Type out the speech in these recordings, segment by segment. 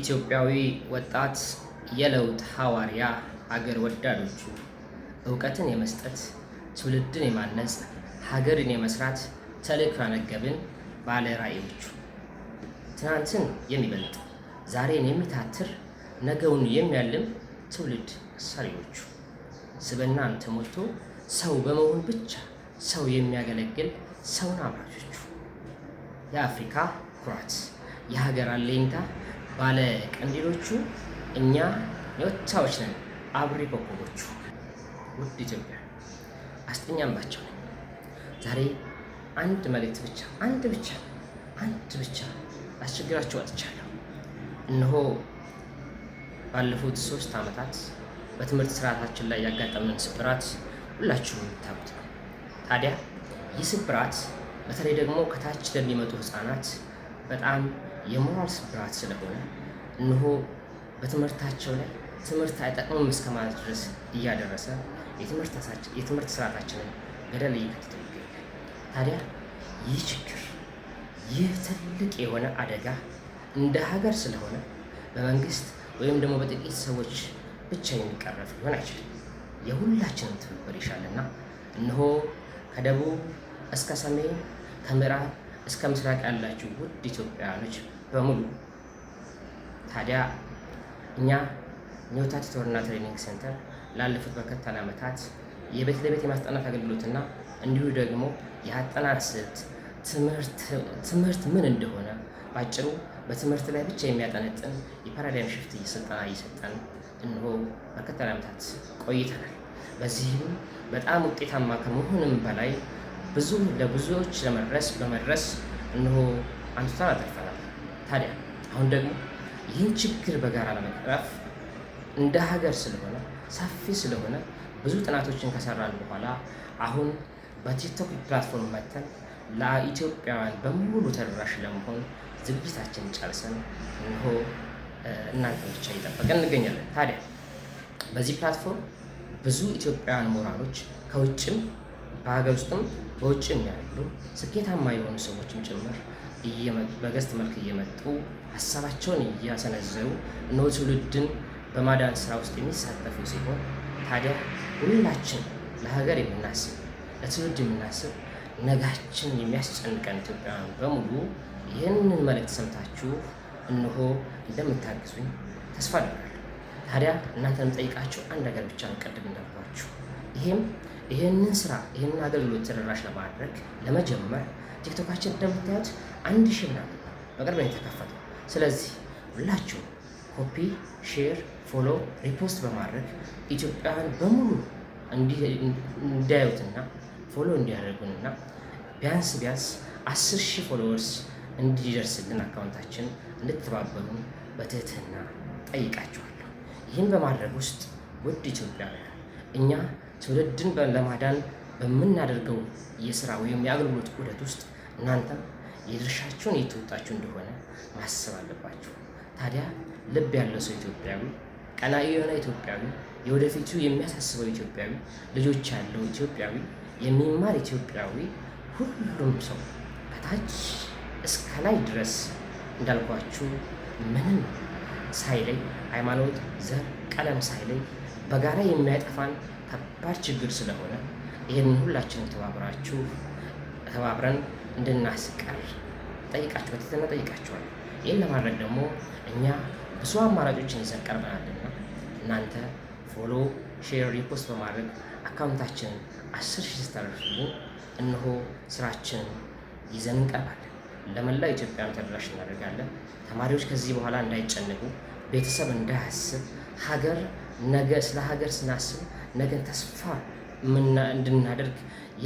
ኢትዮጵያዊ ወጣት የለውጥ ሐዋርያ ሀገር ወዳዶቹ እውቀትን የመስጠት ትውልድን የማነጽ ሀገርን የመስራት ተልእኮ ያነገብን ባለ ራዕዮቹ ትናንትን የሚበልጥ ዛሬን የሚታትር ነገውን የሚያልም ትውልድ ሰሪዎቹ ስብናን ተሞልቶ ሰው በመሆን ብቻ ሰው የሚያገለግል ሰውን አምራቾቹ የአፍሪካ ኩራት የሀገር አለኝታ ባለ ቀንዲሎቹ እኛ የወታዎች ነን አብሪ ኮከቦቹ ውድ ኢትዮጵያ አስጠኛምባቸው ነኝ። ዛሬ አንድ መልእክት ብቻ አንድ ብቻ አንድ ብቻ አስቸግራችሁ አጥቻለሁ። እነሆ ባለፉት ሶስት ዓመታት በትምህርት ስርዓታችን ላይ ያጋጠመን ስብራት ሁላችሁም የምታውቁት ነው። ታዲያ ይህ ስብራት በተለይ ደግሞ ከታች ለሚመጡ ህፃናት በጣም የሞራል ስብራት ስለሆነ እነሆ በትምህርታቸው ላይ ትምህርት አይጠቅሙም እስከ ማለት ድረስ እያደረሰ የትምህርት ስርዓታችንን ገደል እየከተተው ይገኛል። ታዲያ ይህ ችግር ይህ ትልቅ የሆነ አደጋ እንደ ሀገር ስለሆነ በመንግስት ወይም ደግሞ በጥቂት ሰዎች ብቻ የሚቀረፍ ሊሆን አይችልም። የሁላችንም ትብብር ይሻልና እነሆ ከደቡብ እስከ ሰሜን ከምዕራብ እስከ ምስራቅ ያላችሁ ውድ ኢትዮጵያውያኖች በሙሉ ታዲያ እኛ ኒው ታች ቶርና ትሬኒንግ ሴንተር ላለፉት በርካታ ዓመታት የቤት ለቤት የማስጠናት አገልግሎትና እንዲሁ ደግሞ የአጠናት ስልት ትምህርት ምን እንደሆነ ባጭሩ በትምህርት ላይ ብቻ የሚያጠነጥን የፓራዳይም ሽፍት ስልጠና እየሰጠን እንሆ በርካታ ዓመታት ቆይተናል። በዚህም በጣም ውጤታማ ከመሆንም በላይ ብዙ ለብዙዎች ለመድረስ በመድረስ እንሆ አንቱታን አጠርፈናል። ታዲያ አሁን ደግሞ ይህን ችግር በጋራ ለመቅረፍ እንደ ሀገር ስለሆነ ሰፊ ስለሆነ ብዙ ጥናቶችን ከሰራን በኋላ አሁን በቲክቶክ ፕላትፎርም መተን ለኢትዮጵያውያን በሙሉ ተደራሽ ለመሆን ዝግጅታችን ጨርሰን እንሆ እናንተ ብቻ እየጠበቀን እንገኛለን። ታዲያ በዚህ ፕላትፎርም ብዙ ኢትዮጵያውያን ምሁራኖች ከውጭም በሀገር ውስጥም በውጭም ያሉ ስኬታማ የሆኑ ሰዎችም ጭምር በገስት መልክ እየመጡ ሀሳባቸውን እያሰነዘሩ እነሆ ትውልድን በማዳን ስራ ውስጥ የሚሳተፉ ሲሆን ታዲያ ሁላችን ለሀገር የምናስብ ለትውልድ የምናስብ ነጋችን የሚያስጨንቀን ኢትዮጵያውያን በሙሉ ይህንን መልእክት ሰምታችሁ እነሆ እንደምታግዙኝ ተስፋ አደርጋለሁ። ታዲያ እናንተ የምጠይቃችሁ አንድ ነገር ብቻ ነው፣ ቅድም እንዳልኳችሁ ይሄም ይህንን ስራ ይህንን አገልግሎት ተደራሽ ለማድረግ ለመጀመር ቲክቶካችን እንደምታዩት አንድ ሺህ ምናምን በቅርብ ነው የተከፈተው። ስለዚህ ሁላችሁ ኮፒ፣ ሼር፣ ፎሎ፣ ሪፖስት በማድረግ ኢትዮጵያውያን በሙሉ እንዲያዩትና ፎሎ እንዲያደርጉንና ቢያንስ ቢያንስ አስር ሺህ ፎሎወርስ እንዲደርስልን አካውንታችን እንድትተባበሩን በትህትና ጠይቃችኋለሁ። ይህን በማድረግ ውስጥ ውድ ኢትዮጵያውያን እኛ ትውልድን ለማዳን በምናደርገው የስራ ወይም የአገልግሎት ውደት ውስጥ እናንተም የድርሻችሁን የተወጣችሁ እንደሆነ ማሰብ አለባችሁ። ታዲያ ልብ ያለው ሰው ኢትዮጵያዊ፣ ቀና የሆነ ኢትዮጵያዊ፣ የወደፊቱ የሚያሳስበው ኢትዮጵያዊ፣ ልጆች ያለው ኢትዮጵያዊ፣ የሚማር ኢትዮጵያዊ፣ ሁሉም ሰው ከታች እስከ ላይ ድረስ እንዳልኳችሁ ምንም ሳይለይ ሃይማኖት፣ ዘር፣ ቀለም ሳይለይ በጋራ የሚያጠፋን ከባድ ችግር ስለሆነ ይህንን ሁላችንም ተባብራችሁ ተባብረን እንድናስቀር ጠይቃችሁ በትህትና ጠይቃችኋል። ይህን ለማድረግ ደግሞ እኛ ብዙ አማራጮችን ይዘን ቀርበናልና እናንተ ፎሎ፣ ሼር፣ ሪፖስት በማድረግ አካውንታችን አስር ሺህ ስታደርሱ እነሆ ስራችን ይዘን እንቀርባለን። ለመላው ኢትዮጵያን ተደራሽ እናደርጋለን። ተማሪዎች ከዚህ በኋላ እንዳይጨንቁ፣ ቤተሰብ እንዳያስብ፣ ሀገር ነገ ስለ ሀገር ስናስብ ነገን ተስፋ እንድናደርግ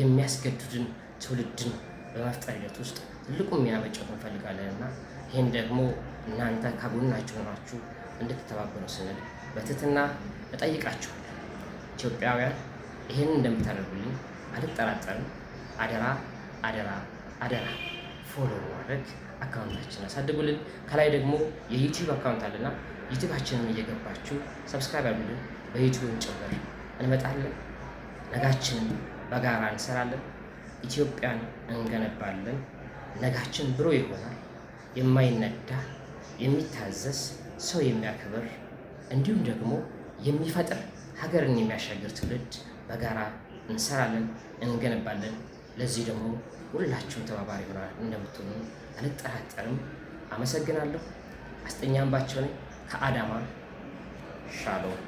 የሚያስገድድን ትውልድን በመፍጠር ሂደት ውስጥ ትልቁ ሚና መጫወት እንፈልጋለን እና ይህን ደግሞ እናንተ ከጎናችሁ ሆናችሁ እንድትተባበሩ ስንል በትህትና እጠይቃችኋለሁ። ኢትዮጵያውያን ይህንን እንደምታደርጉልኝ አልጠራጠርም። አደራ አደራ አደራ ፎሎ ማድረግ አካውንታችን አሳድጉልን። ከላይ ደግሞ የዩቲዩብ አካውንት አለና ዩቲዩባችንን እየገባችሁ ሰብስክራይብ አድርጉ። በዩቲዩብም ጭምር እንመጣለን። ነጋችንን በጋራ እንሰራለን። ኢትዮጵያን እንገነባለን። ነጋችን ብሮ ይሆናል። የማይነዳ የሚታዘዝ ሰው የሚያከብር እንዲሁም ደግሞ የሚፈጥር ሀገርን የሚያሻግር ትውልድ በጋራ እንሰራለን፣ እንገነባለን። ለዚህ ደግሞ ሁላችሁም ተባባሪ ሆና እንደምትሆኑ አልጠራጠርም። አመሰግናለሁ። አስጠኛ አምባቸው ነኝ። ከአዳማ ሻሎም